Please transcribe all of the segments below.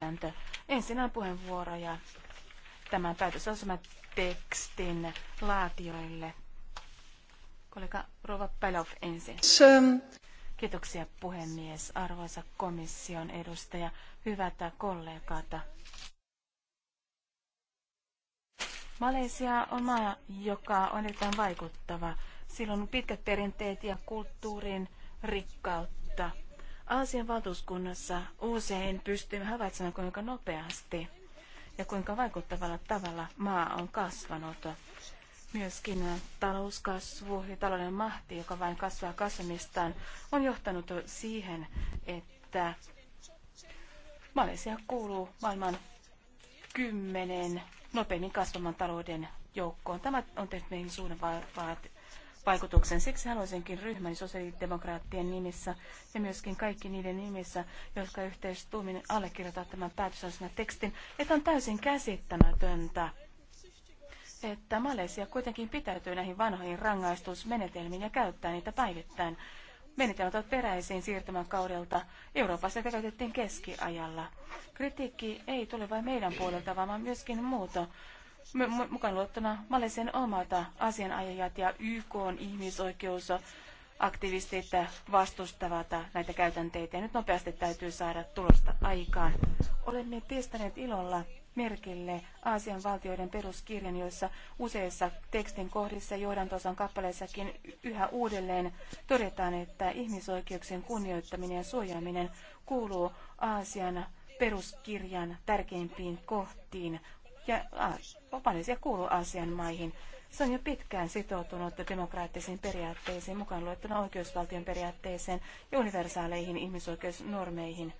lainsäädäntö. Ensin on ja tämän tekstin laatioille. Kollega Rova Pelov ensin. Kiitoksia puhemies, arvoisa komission edustaja, hyvät kollegat. Malesia on maa, joka on erittäin vaikuttava. Sillä on pitkät perinteet ja kulttuurin rikkautta. Aasian valtuuskunnassa usein pystymme havaitsemaan, kuinka nopeasti ja kuinka vaikuttavalla tavalla maa on kasvanut. Myöskin talouskasvu ja talouden mahti, joka vain kasvaa kasvamistaan, on johtanut siihen, että Malesia kuuluu maailman kymmenen nopeimmin kasvamaan talouden joukkoon. Tämä on tehnyt meihin suuren vaikutuksen. Siksi haluaisinkin ryhmän sosiaalidemokraattien nimissä ja myöskin kaikki niiden nimissä, jotka yhteistuumin allekirjoittaa tämän päätösasena tekstin, että on täysin käsittämätöntä, että Malesia kuitenkin pitäytyy näihin vanhoihin rangaistusmenetelmiin ja käyttää niitä päivittäin. Menetelmät ovat peräisin siirtymäkaudelta. Euroopassa sitä käytettiin keskiajalla. Kritiikki ei tule vain meidän puolelta, vaan myöskin muuta mukaan luottuna Malesian omat asianajajat ja YK on ihmisoikeus aktivistit vastustavat näitä käytänteitä ja nyt nopeasti täytyy saada tulosta aikaan. Olemme pistäneet ilolla merkille Aasian valtioiden peruskirjan, joissa useissa tekstin kohdissa ja johdantosan kappaleissakin yhä uudelleen todetaan, että ihmisoikeuksien kunnioittaminen ja suojaaminen kuuluu Aasian peruskirjan tärkeimpiin kohtiin ja Malesia äh, kuuluu Aasian maihin. Se on jo pitkään sitoutunut demokraattisiin periaatteisiin, mukaan luettuna oikeusvaltion periaatteeseen ja universaaleihin ihmisoikeusnormeihin.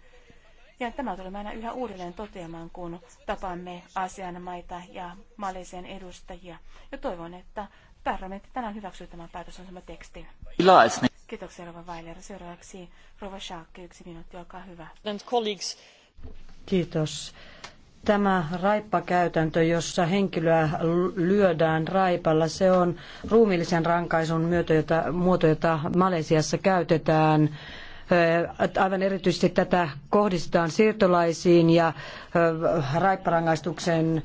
Ja tämä tulemme aina yhä uudelleen toteamaan, kun tapaamme Aasian maita ja Malesian edustajia. Ja toivon, että parlamentti tänään hyväksyy tämän on teksti. Kiitoksia, Rova Weiler. Seuraavaksi Rova Schaakki, yksi minuutti, olkaa hyvä. Kiitos. Tämä raippakäytäntö, jossa henkilöä lyödään raipalla, se on ruumiillisen rankaisun myötä, jota, muoto, jota Malesiassa käytetään Aivan erityisesti tätä kohdistetaan siirtolaisiin ja raipparangaistuksen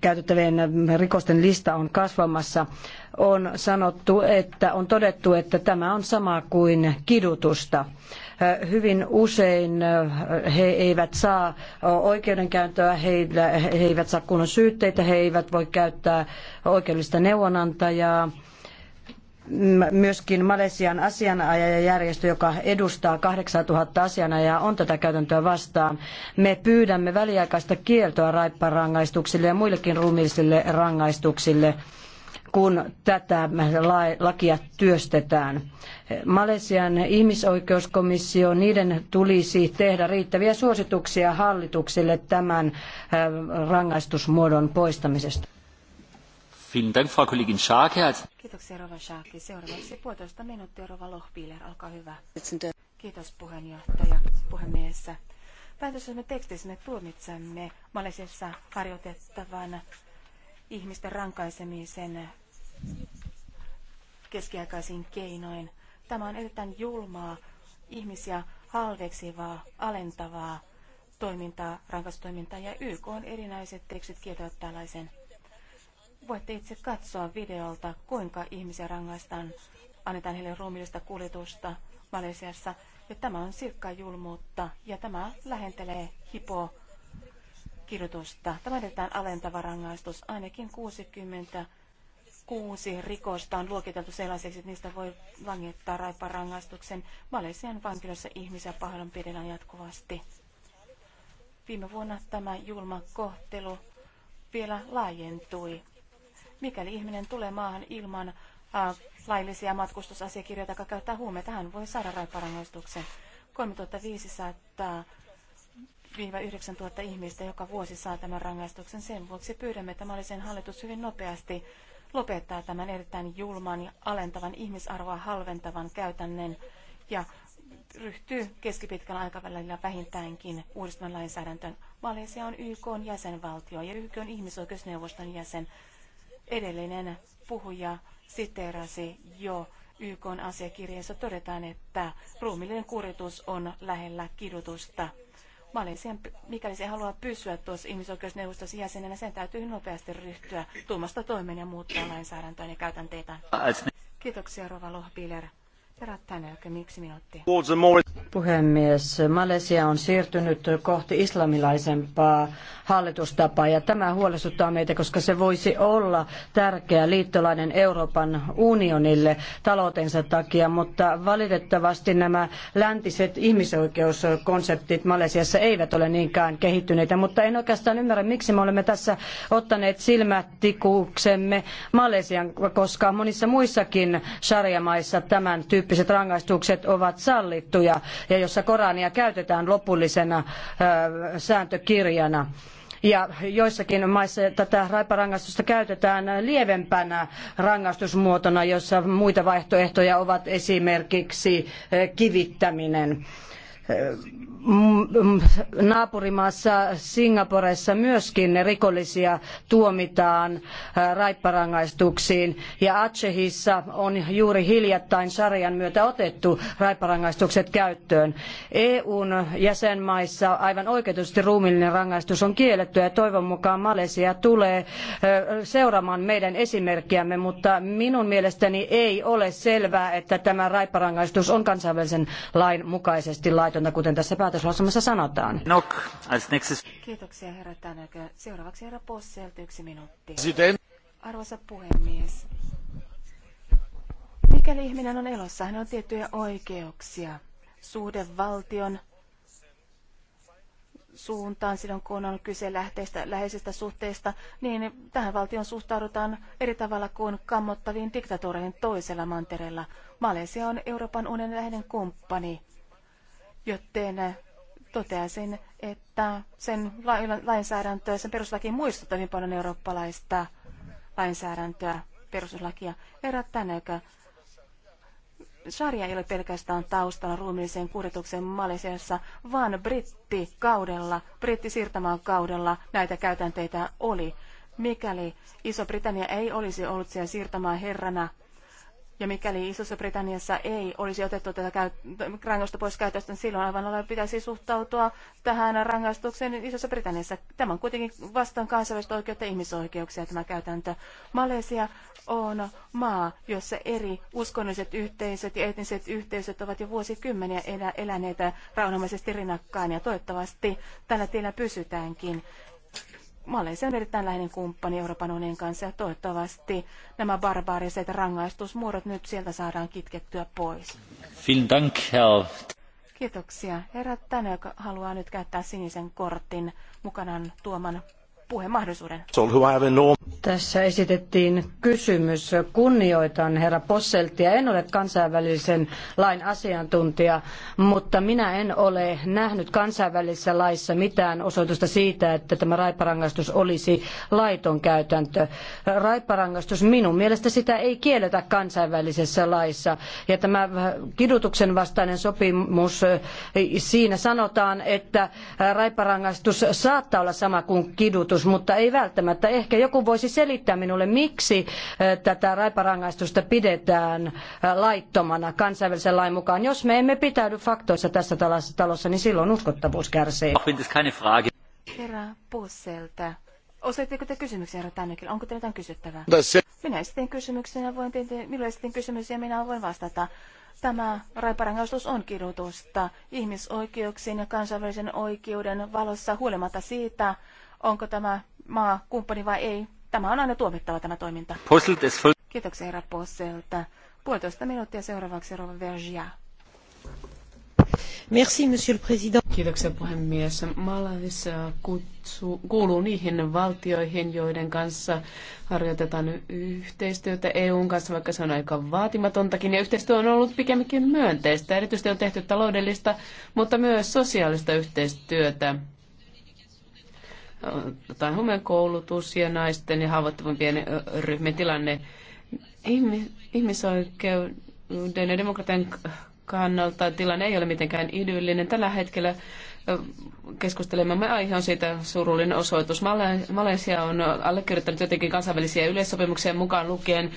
käytettävien rikosten lista on kasvamassa. On sanottu, että on todettu, että tämä on sama kuin kidutusta hyvin usein he eivät saa oikeudenkäyntöä, he, he eivät saa kunnon syytteitä, he eivät voi käyttää oikeudellista neuvonantajaa myöskin Malesian asianajajajärjestö, joka edustaa 8000 asianajajaa, on tätä käytäntöä vastaan. Me pyydämme väliaikaista kieltoa raipparangaistuksille ja muillekin ruumiillisille rangaistuksille kun tätä lakia työstetään. Malesian ihmisoikeuskomissio, niiden tulisi tehdä riittäviä suosituksia hallituksille tämän äh, rangaistusmuodon poistamisesta. Kiitoksia hyvä. Kiitos puheenjohtaja, puhemies. Päätösemme tekstissä me tuomitsemme Malesiassa harjoitettavan ihmisten rankaisemisen keskiaikaisin keinoin. Tämä on erittäin julmaa, ihmisiä halveksivaa, alentavaa toimintaa, rankastoimintaa ja YK on erinäiset tekstit kieltävät tällaisen Voitte itse katsoa videolta, kuinka ihmisiä rangaistaan, annetaan heille ruumiillista kuljetusta Malesiassa. Ja tämä on sirkka julmuutta ja tämä lähentelee hipo kirjoitusta. Tämä edetään alentava rangaistus. Ainakin 66 rikosta on luokiteltu sellaiseksi, että niistä voi langittaa rangaistuksen Malesian vankilassa ihmisiä pahoinpidellään jatkuvasti. Viime vuonna tämä julma kohtelu vielä laajentui Mikäli ihminen tulee maahan ilman äh, laillisia matkustusasiakirjoja tai käyttää huumeita, hän voi saada raiparangaistuksen. 3500 9000 ihmistä joka vuosi saa tämän rangaistuksen. Sen vuoksi pyydämme, että Malisen hallitus hyvin nopeasti lopettaa tämän erittäin julman ja alentavan ihmisarvoa halventavan käytännön ja ryhtyy keskipitkällä aikavälillä vähintäänkin uudistamaan lainsäädäntöön. Malesia on YK on jäsenvaltio ja YK on ihmisoikeusneuvoston jäsen. Edellinen puhuja siteerasi jo YK asiakirjassa todetaan, että ruumillinen kuritus on lähellä kidutusta. Malesian, mikäli se haluaa pysyä tuossa ihmisoikeusneuvostossa jäsenenä, sen täytyy nopeasti ryhtyä tuomasta toimeen ja muuttaa lainsäädäntöön ja käytänteitä. Kiitoksia Rova Lohbiler. Puhemies, Malesia on siirtynyt kohti islamilaisempaa hallitustapaa ja tämä huolestuttaa meitä, koska se voisi olla tärkeä liittolainen Euroopan unionille taloutensa takia, mutta valitettavasti nämä läntiset ihmisoikeuskonseptit Malesiassa eivät ole niinkään kehittyneitä, mutta en oikeastaan ymmärrä, miksi me olemme tässä ottaneet silmätikuksemme Malesian, koska monissa muissakin sarjamaissa tämän tyyppi tyyppiset rangaistukset ovat sallittuja ja jossa Korania käytetään lopullisena sääntökirjana. Ja joissakin maissa tätä raiparangaistusta käytetään lievempänä rangaistusmuotona, jossa muita vaihtoehtoja ovat esimerkiksi kivittäminen Mm, mm, naapurimaassa Singaporessa myöskin rikollisia tuomitaan äh, raipparangaistuksiin. Ja Acehissa on juuri hiljattain sarjan myötä otettu raipparangaistukset käyttöön. EUn jäsenmaissa aivan oikeutusti ruumiillinen rangaistus on kielletty ja toivon mukaan Malesia tulee äh, seuraamaan meidän esimerkkiämme, mutta minun mielestäni ei ole selvää, että tämä raipparangaistus on kansainvälisen lain mukaisesti laitonta, kuten tässä päätöksessä päätöslausumassa sanotaan. Nok, als nächstes. Kiitoksia herra Tänäkö. Seuraavaksi herra Posselt, yksi minuutti. Sitten. Arvoisa puhemies, mikäli ihminen on elossa, hän on tiettyjä oikeuksia. Suhde valtion suuntaan silloin, kun on kyse lähteistä, läheisistä suhteista, niin tähän valtion suhtaudutaan eri tavalla kuin kammottaviin diktatoreihin toisella mantereella. Malesia on Euroopan unionin läheinen kumppani joten eh, toteaisin, että sen lainsäädäntöä, sen perustuslaki muistuttaa hyvin paljon eurooppalaista lainsäädäntöä, perustuslakia. Verrattuna tänäkään Sharia ei ole pelkästään taustalla ruumiilliseen kurituksen Malesiassa, vaan brittikaudella, brittisiirtämään kaudella näitä käytänteitä oli. Mikäli Iso-Britannia ei olisi ollut siellä siirtämään herrana ja mikäli Isossa Britanniassa ei olisi otettu tätä rangaistusta pois käytöstä, niin silloin aivan olla pitäisi suhtautua tähän rangaistukseen Isossa Britanniassa. Tämä on kuitenkin vastaan kansainvälistä oikeutta ja ihmisoikeuksia tämä käytäntö. Malesia on maa, jossa eri uskonnolliset yhteisöt ja etniset yhteisöt ovat jo vuosikymmeniä eläneet rauhanomaisesti rinnakkain ja toivottavasti tällä tiellä pysytäänkin. Malesia on erittäin läheinen kumppani Euroopan unionin kanssa ja toivottavasti nämä barbaariset rangaistusmuodot nyt sieltä saadaan kitkettyä pois. Vielen Dank, Kiitoksia. Herra tänä joka haluaa nyt käyttää sinisen kortin mukanaan tuoman puhemahdollisuuden. Tässä esitettiin kysymys. Kunnioitan herra Posseltia. En ole kansainvälisen lain asiantuntija, mutta minä en ole nähnyt kansainvälisessä laissa mitään osoitusta siitä, että tämä raiparangaistus olisi laiton käytäntö. Raiparangaistus minun mielestä sitä ei kielletä kansainvälisessä laissa. Ja tämä kidutuksen vastainen sopimus, siinä sanotaan, että raiparangaistus saattaa olla sama kuin kidutus, mutta ei välttämättä. Ehkä joku voisi selittää minulle, miksi tätä raiparangaistusta pidetään laittomana kansainvälisen lain mukaan. Jos me emme pitäydy faktoissa tässä talossa, niin silloin uskottavuus kärsii. Herra Pusselta. Osoitteko te kysymyksiä, herra Onko teillä jotain kysyttävää? No minä esitin kysymyksen ja voin tehdä, milloin esitin kysymyksiä, minä voin vastata. Tämä raiparangaistus on kidutusta ihmisoikeuksien ja kansainvälisen oikeuden valossa huolimatta siitä, onko tämä maa kumppani vai ei. Tämä on aina tuomittava tämä toiminta. Kiitoksia herra Posselta. Puolitoista minuuttia seuraavaksi rouva Vergia. Merci, monsieur le président. Kiitoksia puhemies. Malavis kuuluu niihin valtioihin, joiden kanssa harjoitetaan yhteistyötä EUn kanssa, vaikka se on aika vaatimatontakin. Ja yhteistyö on ollut pikemminkin myönteistä. Erityisesti on tehty taloudellista, mutta myös sosiaalista yhteistyötä tai homekoulutus ja naisten ja haavoittuvimpien ryhmien tilanne. Ihmisoikeuden ja demokratian kannalta tilanne ei ole mitenkään idyllinen. Tällä hetkellä keskustelemamme aihe on siitä surullinen osoitus. Malesia on allekirjoittanut jotenkin kansainvälisiä yleissopimuksia mukaan lukien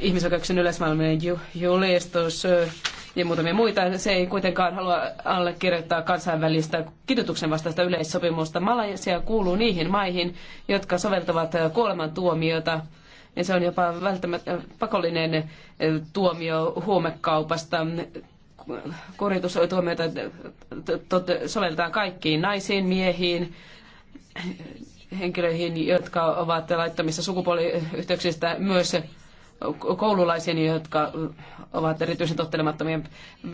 ihmisoikeuksien yleismaailmien julistus ja muutamia muita. Se ei kuitenkaan halua allekirjoittaa kansainvälistä kidutuksen vastaista yleissopimusta. Malaisia kuuluu niihin maihin, jotka soveltavat kuolemantuomiota ja se on jopa välttämättä pakollinen eh, tuomio huumekaupasta. Kuritustuomioita eh, Soveltaa kaikkiin naisiin, miehiin, henkilöihin, jotka ovat laittamissa sukupuoliyhteyksistä, myös koululaisiin, jotka ovat erityisen tottelemattomia.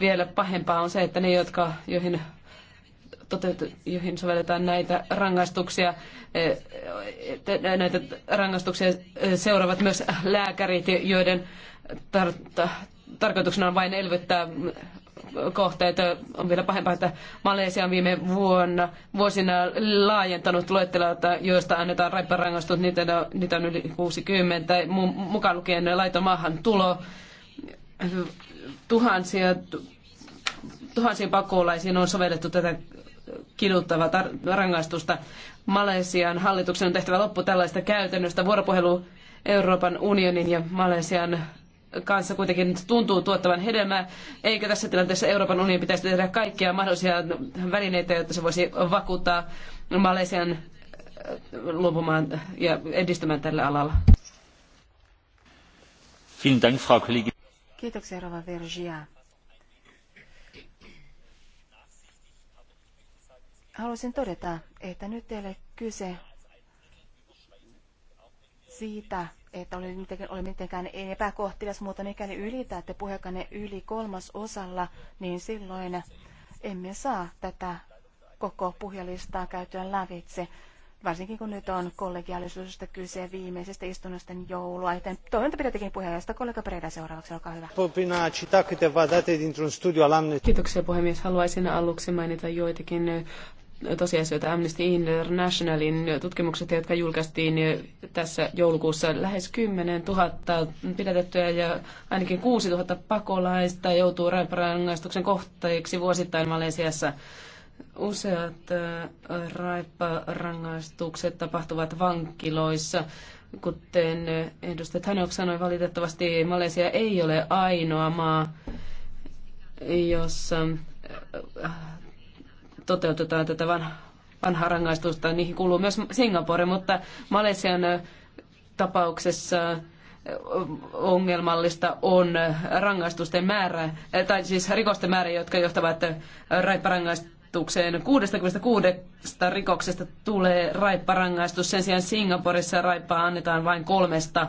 Vielä pahempaa on se, että ne, jotka, joihin, toteutu, joihin sovelletaan näitä rangaistuksia, e, e, näitä rangaistuksia e, seuraavat myös lääkärit, joiden tar- tarkoituksena on vain elvyttää kohteet. On vielä pahempaa, että Malesia on viime vuonna vuosina laajentanut luetteloa, joista annetaan raipparangaistus. Niitä niitä on yli 60, mukaan lukien laiton maahan tulo tuhansia, tuhansiin pakolaisiin on sovellettu tätä kiduttavaa tar- rangaistusta. Malesian hallituksen on tehtävä loppu tällaista käytännöstä. Vuoropuhelu Euroopan unionin ja Malesian kanssa kuitenkin tuntuu tuottavan hedelmää, Eikö tässä tilanteessa Euroopan unionin pitäisi tehdä kaikkia mahdollisia välineitä, jotta se voisi vakuuttaa Malesian äh, luopumaan ja edistämään tällä alalla. Vielen Dank, Frau Kollegin. Kiitoksia, Rova Vergia. Haluaisin todeta, että nyt ei ole kyse siitä, että olen mitenkään, olen mitenkään epäkohtelias, mutta mikäli ylitätte puhekanne yli kolmas osalla, niin silloin emme saa tätä koko puhelistaa käytyä lävitse varsinkin kun nyt on kollegiaalisuudesta kyse viimeisestä istunnosta joulua, joten toivon, että puheenjohtaja kollega Preda seuraavaksi, olkaa hyvä. Kiitoksia puhemies. Haluaisin aluksi mainita joitakin tosiasioita Amnesty Internationalin tutkimukset, jotka julkaistiin tässä joulukuussa. Lähes 10 000 pidätettyä ja ainakin 6 000 pakolaista joutuu rangaistuksen kohteeksi vuosittain Malesiassa. Useat äh, raipparangaistukset tapahtuvat vankiloissa. Kuten äh, edustaja Tanok sanoi, valitettavasti Malesia ei ole ainoa maa, jossa äh, toteutetaan tätä vanhaa rangaistusta. Niihin kuuluu myös Singapore, mutta Malesian tapauksessa ongelmallista on rangaistusten määrä, tai siis rikosten määrä, jotka johtavat raipparangaistuksiin rangaistukseen. 66 rikoksesta tulee raipparangaistus. Sen sijaan Singaporessa raippaa annetaan vain kolmesta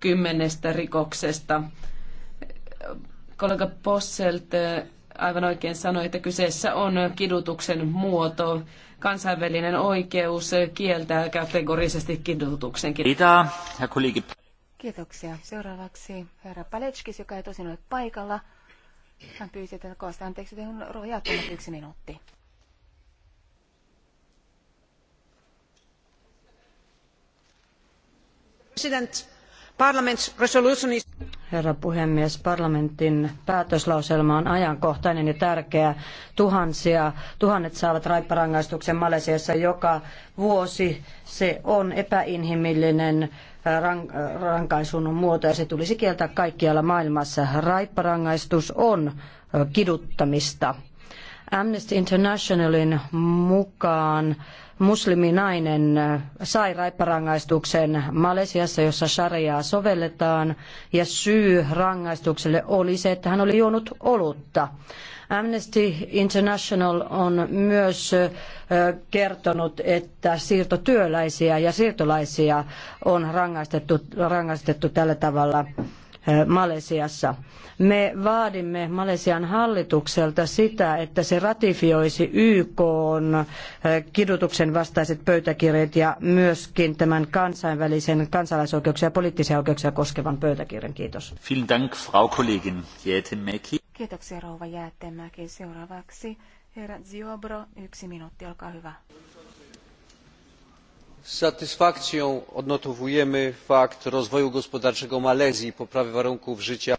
kymmenestä rikoksesta. Kollega Posselt eh, aivan oikein sanoi, että kyseessä on kidutuksen muoto. Kansainvälinen oikeus kieltää kategorisesti kidutuksen. Kiitoksia. Seuraavaksi herra Paletskis, joka ei tosin ole paikalla. Hän pyysi, että koosta anteeksi, että on jatkunut yksi minuutti. herra puhemies, parlamentin päätöslauselma on ajankohtainen ja tärkeä. Tuhansia, tuhannet saavat raipparangaistuksen Malesiassa joka vuosi. Se on epäinhimillinen äh, rankaisun muoto ja se tulisi kieltää kaikkialla maailmassa. Raipparangaistus on äh, kiduttamista. Amnesty Internationalin mukaan musliminainen äh, sai raipparangaistuksen Malesiassa, jossa shariaa sovelletaan, ja syy rangaistukselle oli se, että hän oli juonut olutta. Amnesty International on myös äh, kertonut, että siirtotyöläisiä ja siirtolaisia on rangaistettu, rangaistettu tällä tavalla. Malesiassa. Me vaadimme Malesian hallitukselta sitä, että se ratifioisi YK kidutuksen vastaiset pöytäkirjat ja myöskin tämän kansainvälisen kansalaisoikeuksia ja poliittisia oikeuksia koskevan pöytäkirjan. Kiitos. Dank, Frau Kollegin Kiitoksia rouva Jäätemäki. Seuraavaksi herra Ziobro, yksi minuutti, olkaa hyvä z satysfakcją odnotowujemy fakt rozwoju gospodarczego malezji i poprawy warunków życia.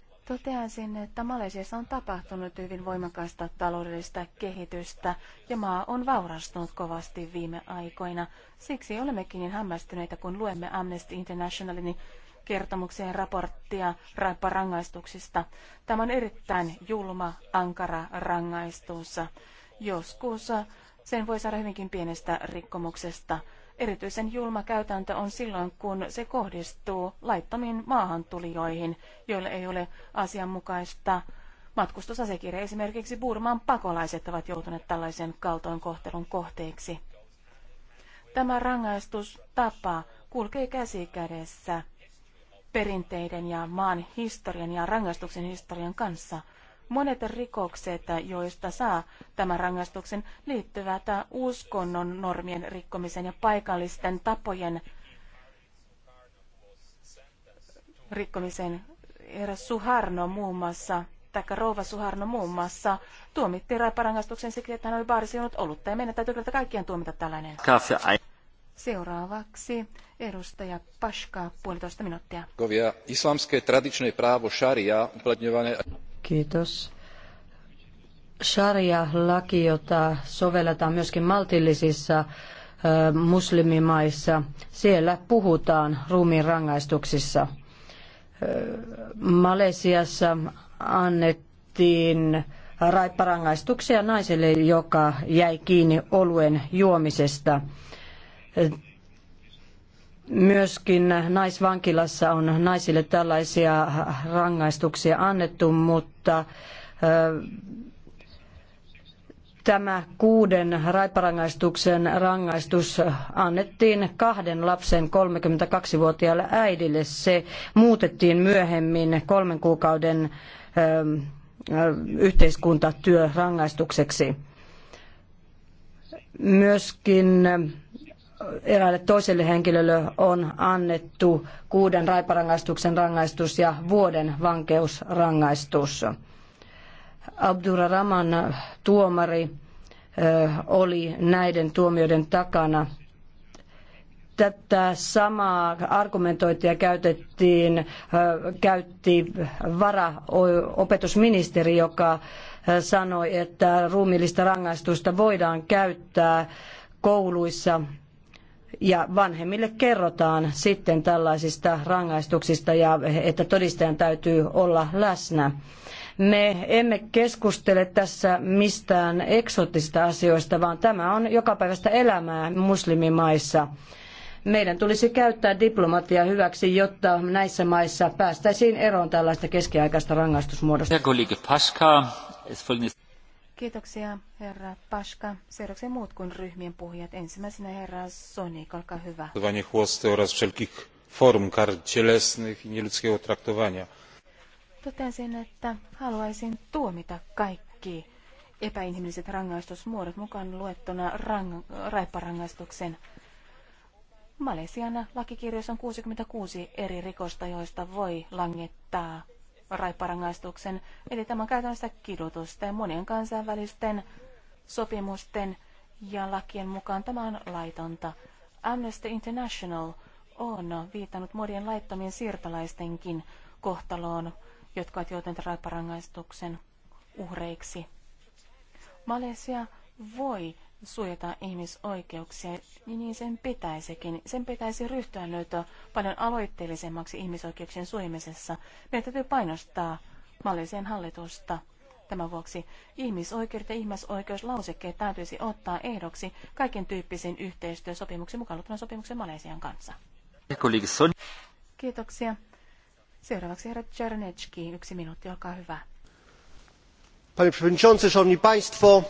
että Malesiassa on tapahtunut hyvin voimakasta taloudellista kehitystä ja maa on vaurastunut kovasti viime aikoina. Siksi olemmekin niin hämmästyneitä, kun luemme Amnesty Internationalin kertomukseen raporttia raipparangaistuksista. Tämä on erittäin julma, ankara rangaistus. Joskus sen voi saada hyvinkin pienestä rikkomuksesta. Erityisen julma käytäntö on silloin, kun se kohdistuu laittomiin maahantulijoihin, joille ei ole asianmukaista matkustusasekirja. Esimerkiksi Burman pakolaiset ovat joutuneet tällaisen kaltoinkohtelun kohteeksi. Tämä rangaistustapa kulkee käsi kädessä perinteiden ja maan historian ja rangaistuksen historian kanssa – Monet rikokset, joista saa tämän rangaistuksen, liittyvät uskonnon normien rikkomiseen ja paikallisten tapojen rikkomiseen. Eräs Suharno muun muassa, tai rouva Suharno muun muassa, tuomitti raiparangaistuksen siksi, että hän oli juonut olutta. Ja meidän täytyy kyllä kaikkien tuomita tällainen. Seuraavaksi edustaja Paška, puolitoista minuuttia. Islamske tradičné pravo šaria Kiitos. Sharia-laki, jota sovelletaan myöskin maltillisissa muslimimaissa, siellä puhutaan ruumiin rangaistuksissa. Malesiassa annettiin raipparangaistuksia naiselle, joka jäi kiinni oluen juomisesta. Myöskin naisvankilassa on naisille tällaisia rangaistuksia annettu, mutta tämä kuuden raiparangaistuksen rangaistus annettiin kahden lapsen 32-vuotiaalle äidille. Se muutettiin myöhemmin kolmen kuukauden yhteiskuntatyörangaistukseksi. Myöskin eräälle toiselle henkilölle on annettu kuuden raiparangaistuksen rangaistus ja vuoden vankeusrangaistus. Abdurrahman tuomari oli näiden tuomioiden takana. Tätä samaa argumentointia käytettiin, käytti varaopetusministeri, joka sanoi, että ruumiillista rangaistusta voidaan käyttää kouluissa ja vanhemmille kerrotaan sitten tällaisista rangaistuksista ja että todistajan täytyy olla läsnä. Me emme keskustele tässä mistään eksoottisista asioista, vaan tämä on jokapäiväistä elämää muslimimaissa. Meidän tulisi käyttää diplomatiaa hyväksi, jotta näissä maissa päästäisiin eroon tällaista keskiaikaista rangaistusmuodosta. Kiitoksia, herra Paska. Seuraavaksi muut kuin ryhmien puhujat. Ensimmäisenä herra Soni, olkaa hyvä. huoste oraz wszelkich form kar cielesnych i nieludzkiego traktowania. Totesin, että haluaisin tuomita kaikki epäinhimilliset rangaistusmuodot mukaan luettuna rang- raipparangaistuksen. Malesiana lakikirjoissa on 66 eri rikosta, joista voi langettaa raipparangaistuksen. Eli tämä on käytännössä kidutusta ja monien kansainvälisten sopimusten ja lakien mukaan tämä on laitonta. Amnesty International on viitannut monien laittomien siirtolaistenkin kohtaloon, jotka ovat joutuneet raipparangaistuksen uhreiksi. Malesia voi suojata ihmisoikeuksia, niin, sen pitäisikin. Sen pitäisi ryhtyä nyt paljon aloitteellisemmaksi ihmisoikeuksien suojamisessa. Meidän täytyy painostaa malliseen hallitusta. Tämän vuoksi ihmisoikeudet ja ihmisoikeuslausekkeet täytyisi ottaa ehdoksi kaiken tyyppisiin yhteistyösopimuksiin mukaan luettuna sopimuksen Malesian kanssa. Kiitoksia. Seuraavaksi herra Czernecki, yksi minuutti, olkaa hyvä. Panie przewodniczący, szanowni państwo,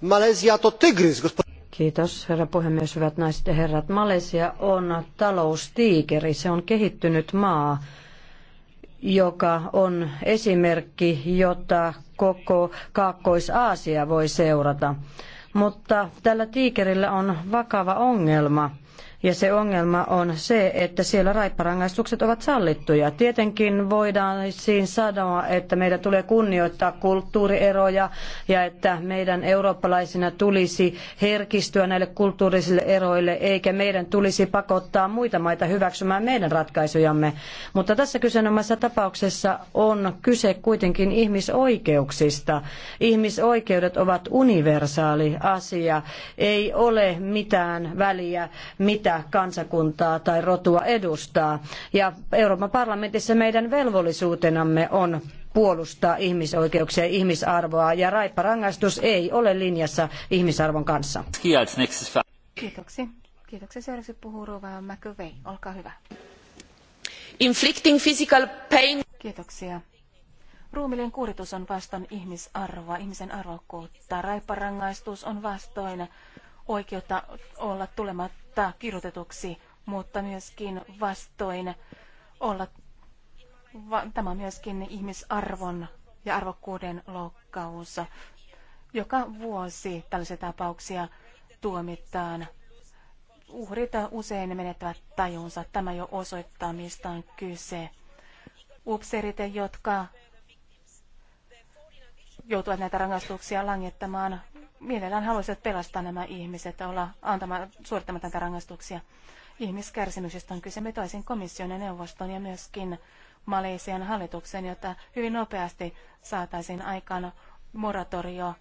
Malesia to tygrys. Kiitos, herra puhemies, hyvät naiset ja herrat. Malesia on taloustiikeri. Se on kehittynyt maa, joka on esimerkki, jota koko Kaakkois-Aasia voi seurata. Mutta tällä tiikerillä on vakava ongelma. Ja se ongelma on se, että siellä raipparangaistukset ovat sallittuja. Tietenkin voidaan siinä sanoa, että meidän tulee kunnioittaa kulttuurieroja ja että meidän eurooppalaisina tulisi herkistyä näille kulttuurisille eroille, eikä meidän tulisi pakottaa muita maita hyväksymään meidän ratkaisujamme. Mutta tässä kyseenomaisessa tapauksessa on kyse kuitenkin ihmisoikeuksista. Ihmisoikeudet ovat universaali asia. Ei ole mitään väliä, mitä mitä kansakuntaa tai rotua edustaa. Ja Euroopan parlamentissa meidän velvollisuutenamme on puolustaa ihmisoikeuksia ja ihmisarvoa, ja raipparangaistus ei ole linjassa ihmisarvon kanssa. Kiitoksia. Kiitoksia. Seuraavaksi puhuu Ruva McVey. Olkaa hyvä. Inflicting physical pain. Kiitoksia. Ruumillinen kuritus on vastoin ihmisarvoa, ihmisen arvokkuutta. Raipparangaistus on vastoin oikeutta olla tulematta tulla kirjoitetuksi, mutta myöskin vastoin olla. Tämä on myöskin ihmisarvon ja arvokkuuden loukkaus. Joka vuosi tällaisia tapauksia tuomitaan. Uhrit usein menettävät tajunsa. Tämä jo osoittaa, mistä on kyse. Upseerit, jotka joutuvat näitä rangaistuksia langettamaan, mielellään haluaisivat pelastaa nämä ihmiset ja olla antamaan, suorittamatta rangaistuksia. Ihmiskärsimyksestä on kyse vetoisin komission ja neuvoston ja myöskin Malesian hallituksen, jotta hyvin nopeasti saataisiin aikaan moratorio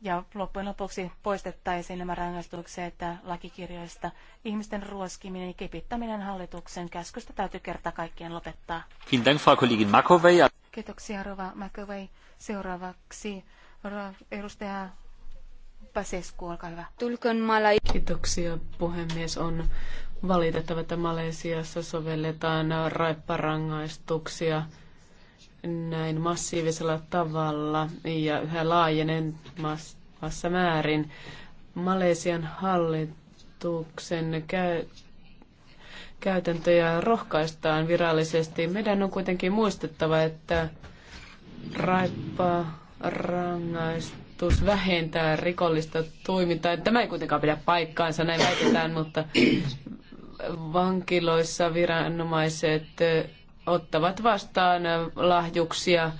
ja loppujen lopuksi poistettaisiin nämä rangaistukset lakikirjoista. Ihmisten ruoskiminen ja kepittäminen hallituksen käskystä täytyy kerta kaikkien lopettaa. Kiitoksia Rova McAvey. Seuraavaksi Edustaja Pasescu, olkaa hyvä. Tulkon malai. Kiitoksia puhemies. On valitettava, että Malesiassa sovelletaan raipparangaistuksia näin massiivisella tavalla ja yhä laajenemassa määrin. Malesian hallituksen käy käytäntöjä rohkaistaan virallisesti. Meidän on kuitenkin muistettava, että raippaa rangaistus vähentää rikollista toimintaa. Tämä ei kuitenkaan pidä paikkaansa, näin väitetään, mutta vankiloissa viranomaiset ottavat vastaan lahjuksia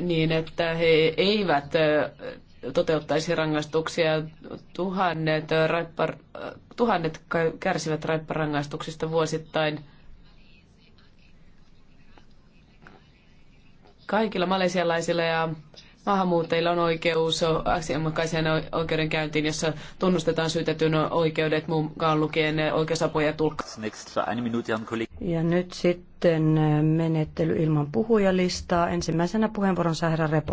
niin, että he eivät toteuttaisi rangaistuksia. Tuhannet, raippa, tuhannet kärsivät raipparangaistuksista vuosittain – Kaikilla malesialaisilla ja maahanmuuttajilla on oikeus asianmukaiseen oikeudenkäyntiin, jossa tunnustetaan syytetyn oikeudet mukaan lukien oikeusapuja ja tulkka. Ja nyt sitten menettely ilman puhujalistaa. Ensimmäisenä puheenvuoron saa herra Repo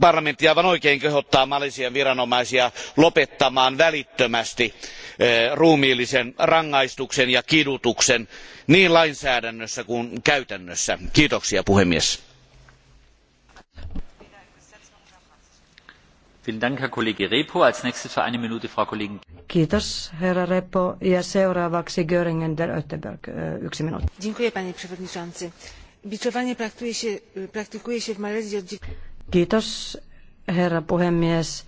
parlamentti aivan oikein kehottaa malesian viranomaisia lopettamaan välittömästi eh, ruumiillisen rangaistuksen ja kidutuksen niin lainsäädännössä kuin käytännössä. kiitoksia puhemies. Kiitos, herra Repo. Ja seuraavaksi Göringen der Ötteberg. Eh, yksi minuutti. Dziękuję, panie przewodniczący. Biczowanie eh, praktykuje się w Malezji od Kiitos, herra puhemies.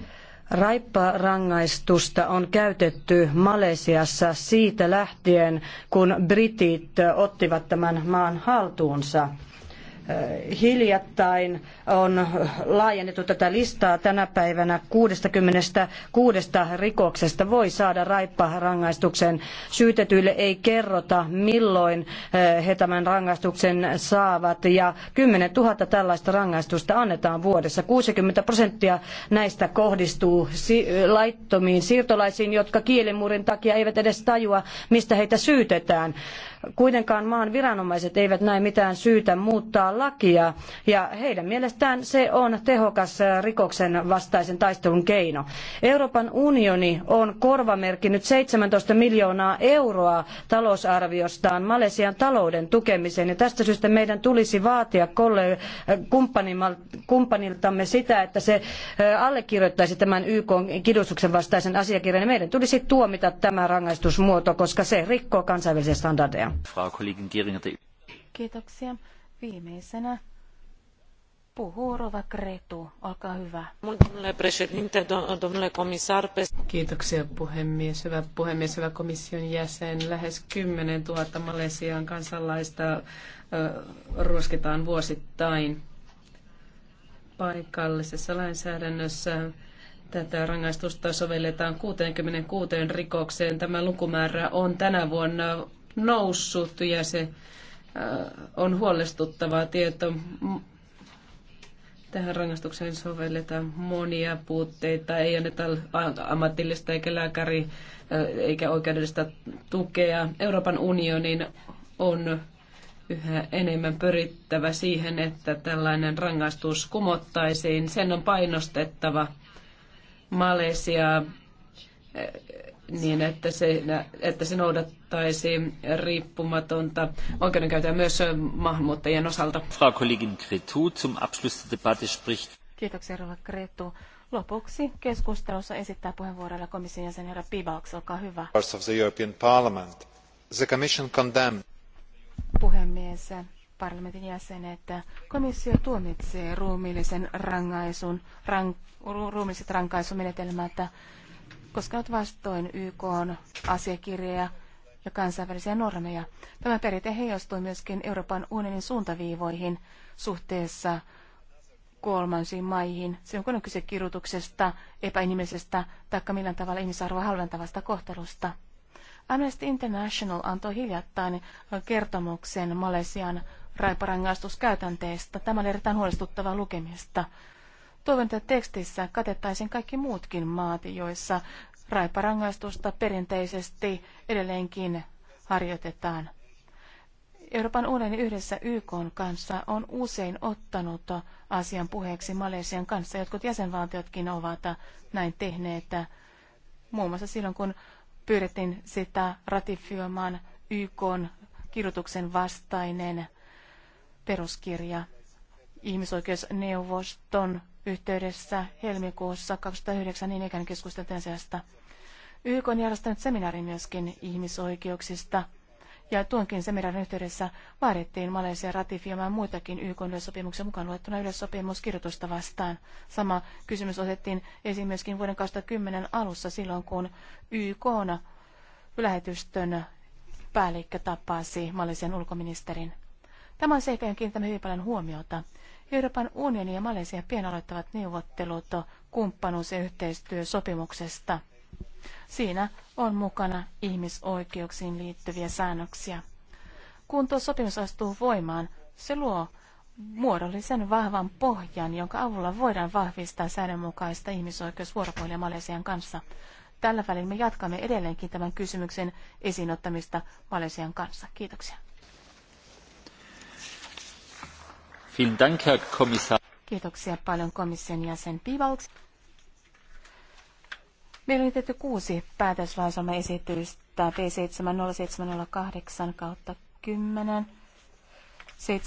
Raipparangaistusta on käytetty Malesiassa siitä lähtien, kun britit ottivat tämän maan haltuunsa hiljattain on laajennettu tätä listaa tänä päivänä 66 rikoksesta voi saada raipparangaistuksen. Syytetyille ei kerrota milloin he tämän rangaistuksen saavat ja 10 000 tällaista rangaistusta annetaan vuodessa. 60 prosenttia näistä kohdistuu laittomiin siirtolaisiin, jotka kielimuurin takia eivät edes tajua mistä heitä syytetään. Kuitenkaan maan viranomaiset eivät näe mitään syytä muuttaa lakia ja heidän mielestään se on tehokas rikoksen vastaisen taistelun keino. Euroopan unioni on korvamerkinnyt 17 miljoonaa euroa talousarviostaan Malesian talouden tukemiseen ja tästä syystä meidän tulisi vaatia kumppaniltamme sitä, että se allekirjoittaisi tämän YK kidustuksen vastaisen asiakirjan. Meidän tulisi tuomita tämä rangaistusmuoto, koska se rikkoo kansainvälisiä standardeja. Frau Kollegin Kiitoksia. Viimeisenä puhuu Rova Kretu. Olkaa hyvä. Kiitoksia puhemies. Hyvä puhemies, hyvä komission jäsen. Lähes 10 000 Malesian kansalaista ruoskitaan vuosittain paikallisessa lainsäädännössä. Tätä rangaistusta sovelletaan 66 rikokseen. Tämä lukumäärä on tänä vuonna noussut ja se äh, on huolestuttavaa tieto. Tähän rangaistukseen sovelletaan monia puutteita, ei anneta ammatillista eikä lääkäri äh, eikä oikeudellista tukea. Euroopan unionin on yhä enemmän pyrittävä siihen, että tällainen rangaistus kumottaisiin. Sen on painostettava Malesiaa niin, että se, että se noudattaisi riippumatonta oikeudenkäytöä myös maahanmuuttajien osalta. Frau Kollegin Kretu, zum Abschluss der Debatte spricht. Kiitoksia, Rova Kretu. Lopuksi keskustelussa esittää puheenvuorolla komission jäsen herra Pibalks, olkaa hyvä. Of the European Parliament. The Commission condemned. Puhemies, parlamentin jäsenet, komissio tuomitsee ruumiillisen rangaisun, rang, ruumiilliset rankaisumenetelmät koska ovat vastoin YK asiakirjoja ja kansainvälisiä normeja. Tämä perinte heijastui myöskin Euroopan unionin suuntaviivoihin suhteessa kolmansiin maihin, on kun on kyse kirjoituksesta, epäinhimillisestä tai millään tavalla ihmisarvoa halventavasta kohtelusta. Amnesty International antoi hiljattain kertomuksen Malesian raiparangaistuskäytänteestä. Tämä oli erittäin huolestuttavaa lukemista. Toivon, että tekstissä katettaisiin kaikki muutkin maat, joissa raiparangaistusta perinteisesti edelleenkin harjoitetaan. Euroopan unionin yhdessä YK kanssa on usein ottanut asian puheeksi Malesian kanssa. Jotkut jäsenvaltiotkin ovat näin tehneet, muun muassa silloin kun pyydettiin sitä ratifioimaan YK kirjoituksen vastainen peruskirja. Ihmisoikeusneuvoston yhteydessä helmikuussa 2009 niin ikään keskusteltiin asiasta. YK on järjestänyt seminaarin myöskin ihmisoikeuksista. Ja tuonkin seminaarin yhteydessä vaadittiin Malesia ratifioimaan muitakin YK yleissopimuksen mukaan luettuna kirjoitusta vastaan. Sama kysymys otettiin esiin myöskin vuoden 2010 alussa silloin, kun YK on lähetystön päällikkö tapasi Malesian ulkoministerin. Tämä on seikka, johon kiinnitämme hyvin paljon huomiota. Euroopan unioni ja Malesia pian aloittavat neuvottelut kumppanuus- ja yhteistyösopimuksesta. Siinä on mukana ihmisoikeuksiin liittyviä säännöksiä. Kun tuo sopimus astuu voimaan, se luo muodollisen vahvan pohjan, jonka avulla voidaan vahvistaa säännönmukaista ihmisoikeusvuoropuhelia Malesian kanssa. Tällä välin me jatkamme edelleenkin tämän kysymyksen esiinottamista Malesian kanssa. Kiitoksia. Kiitoksia paljon komission jäsen Pivalks. Meillä on tehty kuusi päätöslauselmaesitystä P7078 kautta 10, 7